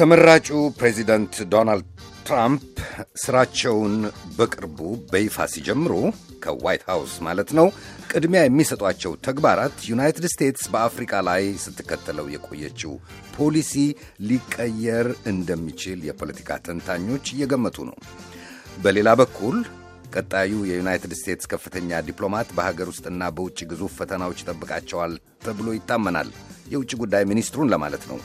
ተመራጩ ፕሬዚደንት ዶናልድ ትራምፕ ስራቸውን በቅርቡ በይፋ ሲጀምሩ ከዋይት ሃውስ ማለት ነው ቅድሚያ የሚሰጧቸው ተግባራት ዩናይትድ ስቴትስ በአፍሪካ ላይ ስትከተለው የቆየችው ፖሊሲ ሊቀየር እንደሚችል የፖለቲካ ተንታኞች እየገመቱ ነው። በሌላ በኩል ቀጣዩ የዩናይትድ ስቴትስ ከፍተኛ ዲፕሎማት በሀገር ውስጥና በውጭ ግዙፍ ፈተናዎች ይጠብቃቸዋል ተብሎ ይታመናል። የውጭ ጉዳይ ሚኒስትሩን ለማለት ነው።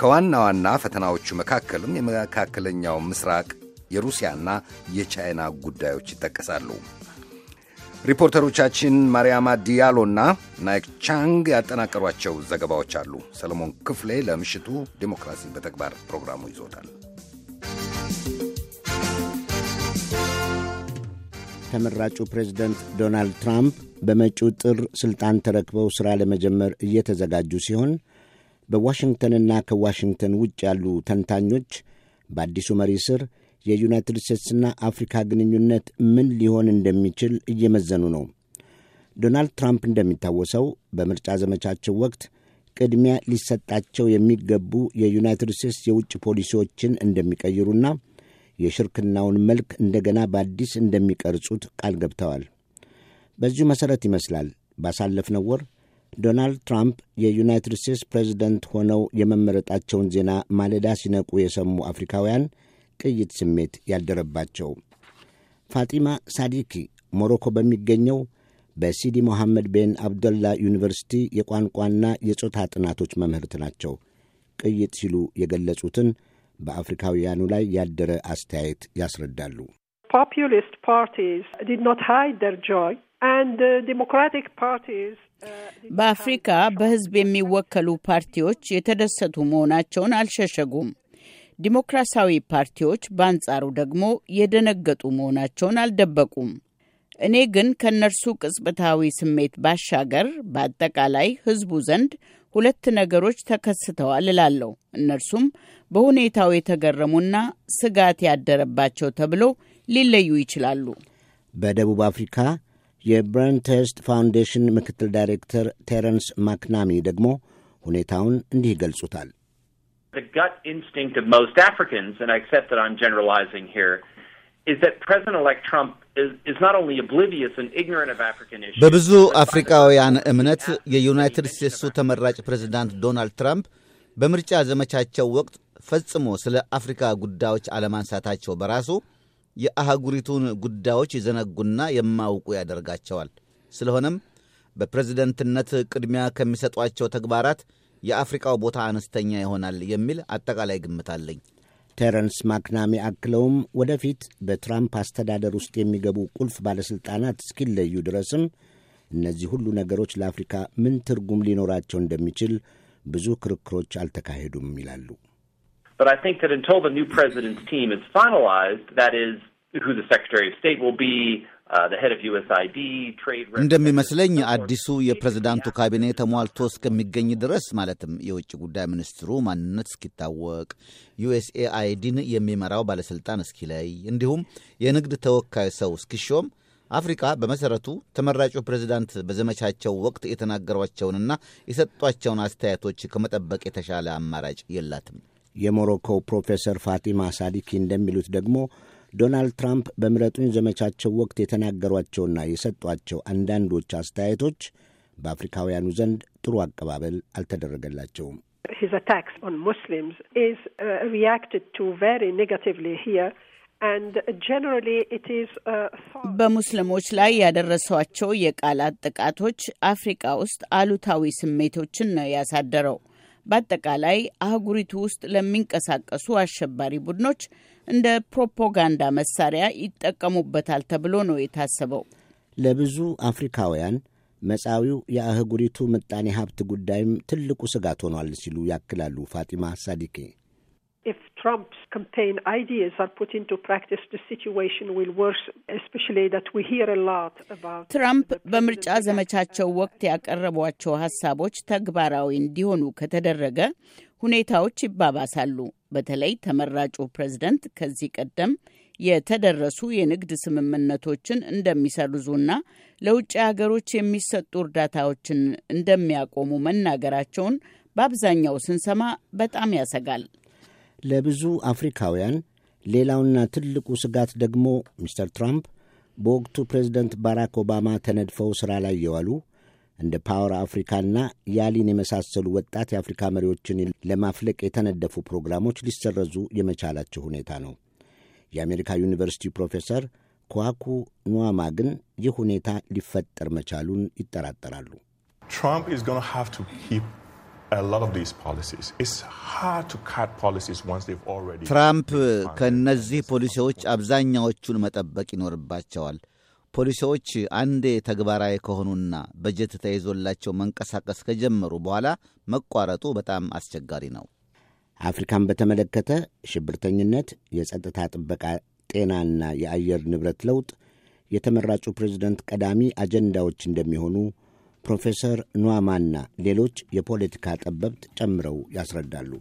ከዋና ዋና ፈተናዎቹ መካከልም የመካከለኛው ምስራቅ የሩሲያና የቻይና ጉዳዮች ይጠቀሳሉ። ሪፖርተሮቻችን ማርያማ ዲያሎና ናይክ ቻንግ ያጠናቀሯቸው ዘገባዎች አሉ። ሰለሞን ክፍሌ ለምሽቱ ዲሞክራሲ በተግባር ፕሮግራሙ ይዞታል። ተመራጩ ፕሬዚደንት ዶናልድ ትራምፕ በመጪው ጥር ሥልጣን ተረክበው ሥራ ለመጀመር እየተዘጋጁ ሲሆን በዋሽንግተንና ከዋሽንግተን ውጭ ያሉ ተንታኞች በአዲሱ መሪ ስር የዩናይትድ ስቴትስና አፍሪካ ግንኙነት ምን ሊሆን እንደሚችል እየመዘኑ ነው። ዶናልድ ትራምፕ እንደሚታወሰው በምርጫ ዘመቻቸው ወቅት ቅድሚያ ሊሰጣቸው የሚገቡ የዩናይትድ ስቴትስ የውጭ ፖሊሲዎችን እንደሚቀይሩና የሽርክናውን መልክ እንደገና በአዲስ እንደሚቀርጹት ቃል ገብተዋል። በዚሁ መሠረት ይመስላል ባሳለፍነው ወር ዶናልድ ትራምፕ የዩናይትድ ስቴትስ ፕሬዚደንት ሆነው የመመረጣቸውን ዜና ማለዳ ሲነቁ የሰሙ አፍሪካውያን ቅይጥ ስሜት ያልደረባቸው ፋጢማ ሳዲኪ ሞሮኮ በሚገኘው በሲዲ ሞሐመድ ቤን አብደላ ዩኒቨርሲቲ የቋንቋና የጾታ ጥናቶች መምህርት ናቸው። ቅይጥ ሲሉ የገለጹትን በአፍሪካውያኑ ላይ ያደረ አስተያየት ያስረዳሉ። ፖፑሊስት ፓርቲስ ዲድ ኖት ሃይድ ደር ጆይ አንድ ዲሞክራቲክ ፓርቲስ በአፍሪካ በህዝብ የሚወከሉ ፓርቲዎች የተደሰቱ መሆናቸውን አልሸሸጉም። ዲሞክራሲያዊ ፓርቲዎች በአንጻሩ ደግሞ የደነገጡ መሆናቸውን አልደበቁም። እኔ ግን ከእነርሱ ቅጽበታዊ ስሜት ባሻገር በአጠቃላይ ህዝቡ ዘንድ ሁለት ነገሮች ተከስተዋል እላለሁ። እነርሱም በሁኔታው የተገረሙና ስጋት ያደረባቸው ተብለው ሊለዩ ይችላሉ። በደቡብ አፍሪካ የብረንተስት ፋውንዴሽን ምክትል ዳይሬክተር ቴረንስ ማክናሚ ደግሞ ሁኔታውን እንዲህ ይገልጹታል። በብዙ አፍሪካውያን እምነት የዩናይትድ ስቴትሱ ተመራጭ ፕሬዚዳንት ዶናልድ ትራምፕ በምርጫ ዘመቻቸው ወቅት ፈጽሞ ስለ አፍሪካ ጉዳዮች አለማንሳታቸው በራሱ የአህጉሪቱን ጉዳዮች ይዘነጉና የማውቁ ያደርጋቸዋል። ስለሆነም በፕሬዝደንትነት ቅድሚያ ከሚሰጧቸው ተግባራት የአፍሪቃው ቦታ አነስተኛ ይሆናል የሚል አጠቃላይ ግምት አለኝ። ቴረንስ ማክናሚ አክለውም ወደፊት በትራምፕ አስተዳደር ውስጥ የሚገቡ ቁልፍ ባለሥልጣናት እስኪለዩ ድረስም እነዚህ ሁሉ ነገሮች ለአፍሪካ ምን ትርጉም ሊኖራቸው እንደሚችል ብዙ ክርክሮች አልተካሄዱም ይላሉ። But I think that until the new president's team is finalized, that is who the Secretary of State will be, uh, እንደሚመስለኝ አዲሱ የፕሬዝዳንቱ ካቢኔ ተሟልቶ እስከሚገኝ ድረስ ማለትም የውጭ ጉዳይ ሚኒስትሩ ማንነት እስኪታወቅ፣ ዩኤስኤአይዲን የሚመራው ባለሥልጣን እስኪለይ፣ እንዲሁም የንግድ ተወካይ ሰው እስኪሾም አፍሪካ በመሠረቱ ተመራጩ ፕሬዝዳንት በዘመቻቸው ወቅት የተናገሯቸውንና የሰጧቸውን አስተያየቶች ከመጠበቅ የተሻለ አማራጭ የላትም። የሞሮኮው ፕሮፌሰር ፋቲማ ሳዲኪ እንደሚሉት ደግሞ ዶናልድ ትራምፕ በምረጡኝ ዘመቻቸው ወቅት የተናገሯቸውና የሰጧቸው አንዳንዶች አስተያየቶች በአፍሪካውያኑ ዘንድ ጥሩ አቀባበል አልተደረገላቸውም። uh, uh, በሙስሊሞች ላይ ያደረሷቸው የቃላት ጥቃቶች አፍሪካ ውስጥ አሉታዊ ስሜቶችን ነው ያሳደረው። በአጠቃላይ አህጉሪቱ ውስጥ ለሚንቀሳቀሱ አሸባሪ ቡድኖች እንደ ፕሮፓጋንዳ መሳሪያ ይጠቀሙበታል ተብሎ ነው የታሰበው። ለብዙ አፍሪካውያን መጻዊው የአህጉሪቱ ምጣኔ ሀብት ጉዳይም ትልቁ ስጋት ሆኗል ሲሉ ያክላሉ ፋጢማ ሳዲቄ። Trump's campaign ideas are put into practice, the situation will worsen, especially that we hear a lot about. ትራምፕ በምርጫ ዘመቻቸው ወቅት ያቀረቧቸው ሀሳቦች ተግባራዊ እንዲሆኑ ከተደረገ ሁኔታዎች ይባባሳሉ። በተለይ ተመራጩ ፕሬዝደንት ከዚህ ቀደም የተደረሱ የንግድ ስምምነቶችን እንደሚሰርዙና ለውጭ ሀገሮች የሚሰጡ እርዳታዎችን እንደሚያቆሙ መናገራቸውን በአብዛኛው ስንሰማ በጣም ያሰጋል። ለብዙ አፍሪካውያን ሌላውና ትልቁ ስጋት ደግሞ ሚስተር ትራምፕ በወቅቱ ፕሬዝደንት ባራክ ኦባማ ተነድፈው ሥራ ላይ የዋሉ እንደ ፓወር አፍሪካና ያሊን የመሳሰሉ ወጣት የአፍሪካ መሪዎችን ለማፍለቅ የተነደፉ ፕሮግራሞች ሊሰረዙ የመቻላቸው ሁኔታ ነው። የአሜሪካ ዩኒቨርሲቲ ፕሮፌሰር ኳኩ ኑዋማ ግን ይህ ሁኔታ ሊፈጠር መቻሉን ይጠራጠራሉ። ትራምፕ ትራምፕ ከእነዚህ ፖሊሲዎች አብዛኛዎቹን መጠበቅ ይኖርባቸዋል። ፖሊሲዎች አንዴ ተግባራዊ ከሆኑና በጀት ተይዞላቸው መንቀሳቀስ ከጀመሩ በኋላ መቋረጡ በጣም አስቸጋሪ ነው። አፍሪካን በተመለከተ ሽብርተኝነት፣ የጸጥታ ጥበቃ፣ ጤናና የአየር ንብረት ለውጥ የተመራጩ ፕሬዝደንት ቀዳሚ አጀንዳዎች እንደሚሆኑ ፕሮፌሰር ኗማና ሌሎች የፖለቲካ ጠበብት ጨምረው ያስረዳሉ።